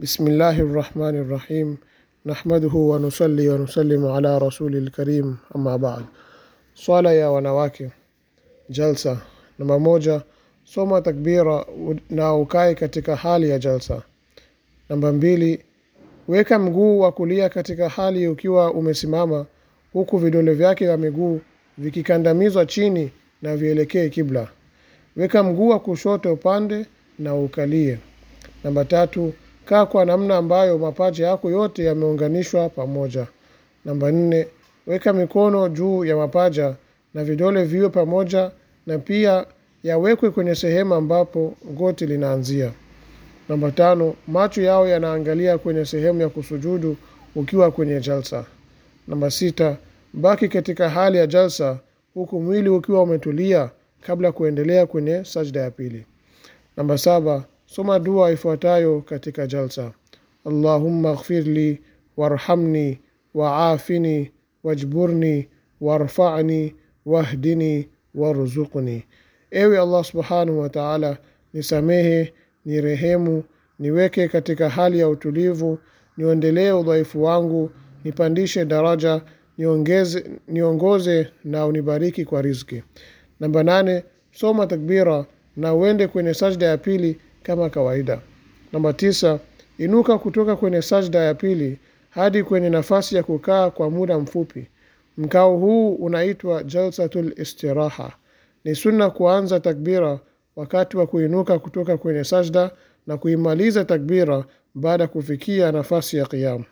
Bismillahi rahmani rahim nahmaduhu wanusali wanusalimu ala rasuli lkarim amma bad. Swala ya wanawake jalsa. Namba moja, soma takbira na ukae katika hali ya jalsa. Namba mbili, weka mguu wa kulia katika hali ukiwa umesimama, huku vidole vyake vya miguu vikikandamizwa chini na vielekee kibla. Weka mguu wa kushoto upande na ukalie. Namba tatu, Kaa kwa namna ambayo mapaja yako yote yameunganishwa pamoja. Namba nne, weka mikono juu ya mapaja na vidole viwe pamoja na pia yawekwe kwenye sehemu ambapo goti linaanzia. Namba tano, macho yao yanaangalia kwenye sehemu ya kusujudu ukiwa kwenye jalsa. Namba sita, baki katika hali ya jalsa huku mwili ukiwa umetulia kabla kuendelea kwenye sajda ya pili. Namba saba, Soma dua ifuatayo katika jalsa: Allahumma li warhamni waafini wajburni warfani wahdini warzuqni, ewe Allah subhanahu wa taala, nisamehe, nirehemu, niweke katika hali ya utulivu, niondelee udhaifu wangu, nipandishe daraja, niongeze, niongoze na unibariki kwa rizki Namba nane, soma takbira na uende kwenye sajda ya pili kama kawaida. Namba tisa, inuka kutoka kwenye sajda ya pili hadi kwenye nafasi ya kukaa kwa muda mfupi. Mkao huu unaitwa jalsatul istiraha. Ni sunna kuanza takbira wakati wa kuinuka kutoka kwenye sajda na kuimaliza takbira baada ya kufikia nafasi ya qiyamu.